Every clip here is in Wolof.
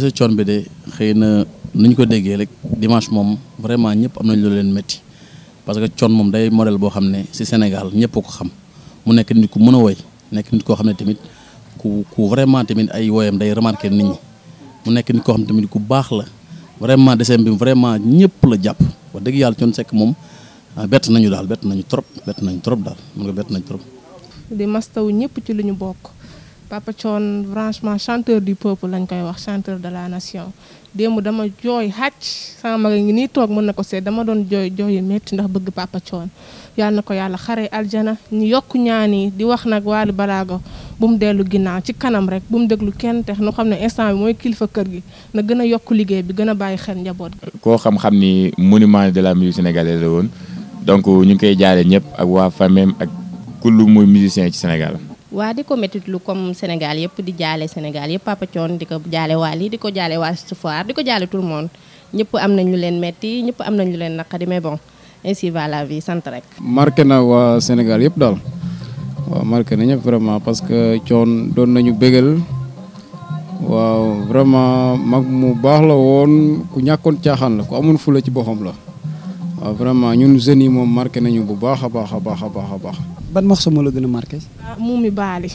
dese coon bi de xëy na nuñ ko déggee rek dimanche moom vraiment ñëpp am nañ lu leen métti parce que coon moom day modèle boo xam ne si Sénégal ñëpp ko xam mu nekk nit ku mën a woy nekk nit koo xam ne tamit ku ku vraiment tamit ay woyam day remarqué nit ñi mu nekk nit koo xam ne tamit ku baax la vraiment desem bi vraiment ñëpp la jàpp wax dëgg yàlla coon sekk moom ah, bett nañu daal bett nañu trop bett nañu trop daal mun nga bett nañu trop. di mastaw ñëpp ci lu ñu bokk. Papa Thione franchement chanteur du peuple lañ koy wax chanteur de la nation démb dama jooy xàcc sama mag ngi nii toog mën na ko seet dama doon jooy jooy yu métti ndax bëgg Papa Thione na ko yàlla xare aljana ñu yokk ñaan yi di wax nag Wally Balago bu mu dellu ginnaaw ci kanam rek bu mu déglu kenn te nu xam ne instant bi mooy kilifa kër gi na gën a yokk liggéey bi gën a bàyyi xel njaboot gi. koo xam-xam ni monument de la musique sénégalaise la woon donc ñu koy jaaree ñëpp ak waa famem ak kullu muy ci Sénégal. waa di ko métitlu comme Sénégal yëpp di jaale Sénégal yëpp Papa Thione di ko jaale waa lii di ko jaale waa Soufouar di ko jaale tout le ñëpp am nañ ñu leen metti ñëpp am nañ ñu leen naqari mais bon ainsi va la vie sant rek. marqué na waa Sénégal yëpp daal waaw marqué na ñëpp vraiment parce que Thione doon nañu bégal waaw vraiment mag mu baax la woon ku ñàkkoon caaxaan la ku amoon fula ci boppam la. waaw vraiment ñun jeunes yi moom marqué nañu bu baax a baax a baax a baax a baax. ban morceau moo la gën a marqué. ah Moumy Bally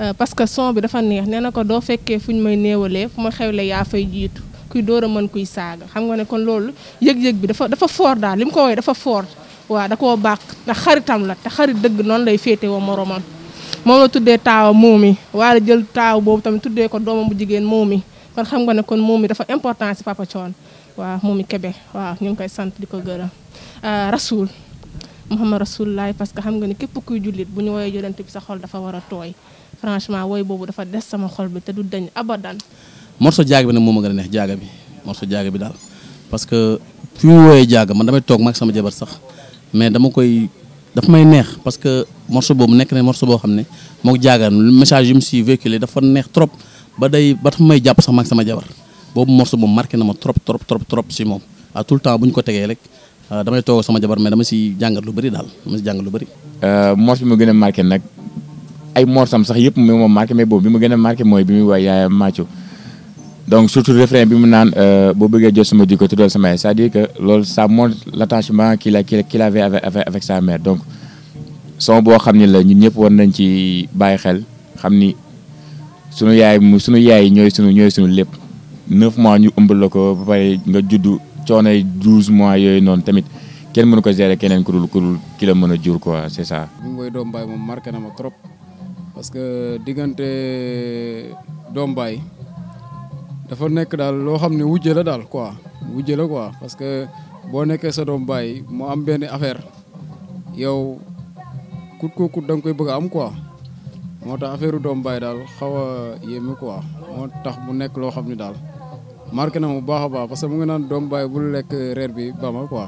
euh, parce que son bi dafa neex nee na ko doo fekkee fu ñu may néewalee fu ma xewle yaa fay jiitu kuy door a mën kuy saaga xam nga ne kon loolu yëg-yëg bi dafa dafa fort daal li mu ko woowee dafa fort waa da koo baax ndax xaritam la te xarit dëgg noonu lay féete woo moromam moom la tuddee taawa Moumy waaye jël taaw boobu tamit tuddee ko doomam bu jigéen Moumy kon xam nga dafa importance si Papa waaw moom i Kébé waaw ñu ngi koy sant di ko gërëm euh, Rasoul Muhammad Rasoululaay parce que xam nga ni képp kuy jullit bu ñu woowee yonent bi sa xol dafa war a tooy franchement woy boobu dafa des sama xol bi te du dañ abadan. morso jaaga bi nag moom a gën a neex jaaga bi morso jaaga bi daal parce que fi mu wooyee jaaga man damay toog maag sama jabar sax mais dama koy dafa may neex parce que morso boobu nekk ne morso boo xam ne moog jaaga message yu mu si véhiculé dafa neex trop ba day ba dafa may jàpp sax maag sama jabar. boobu morceau bu marqué na ma trop trop trop trop si moom à ah, tout le temps bu ñu ko tegee rek ah, damay toog sama jabar mais dama si jàngat lu bëri daal dama si jàngat lu bëri. Euh, morceau bi ma gën a marqué nag ay morsam sax yëpp mi ma marqué mais boobu bi ma gën a marqué mooy bi muy waay yaayam Mathio donc surtout refrain bi mu naan euh, boo bëggee jot sama jikko tuddal sama yaay c'est-à-dire que loolu ça montre l'attachement qu'il a qu'il avait avec avec sa mère donc son boo xam ni la ñun ñëpp war nañ ci bàyyi xel xam ni sunu yaay mu sunu yaay ñooy sunu ñooy sunu lépp. neuf mois ñu ëmbal la ko ba pare nga juddu coonay douze mois yooyu noonu tamit kenn mënu ko gérer keneen ku dul ku mën a jur quoi c'est ça. bu ñu koy doom baay na ma trop parce que diggante doom baay dafa nekk daal loo xam ne wujje la daal quoi wujje la quoi parce que boo nekkee sa doom baay mu am benn affaire yow kut ko kut da koy bëgg a am quoi. moo tax affaire doom baay daal xaw a yéeme quoi moo tax mu nekk loo xam ne daal marqué na mu baax a baax parce mu ngi naan doom baay bul lekk reer bi ba ma quoi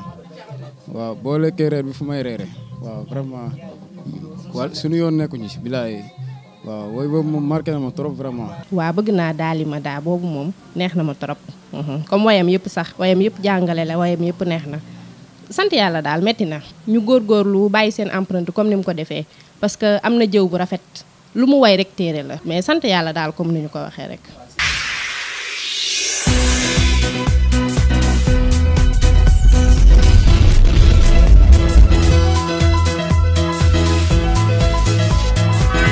waaw boo lekkee reer bi fu may reere waaw vraiment wa suñu yoon nekkuñu ci bilaay waaw wooy boobu moom marqué na ma trop vraiment waaw bëgg naa daali ma daa boobu moom neex na ma trop mhm. comme wayam yëpp sax wayam yëpp jàngale la wayam yëpp neex na sant yàlla daal métti na ñu góor wu bàyyi seen empreinte comme ni mu ko defee parce que am na jëw bu rafet lu mu way rek téere la mais sant yàlla daal comme ni ñu ko waxee rek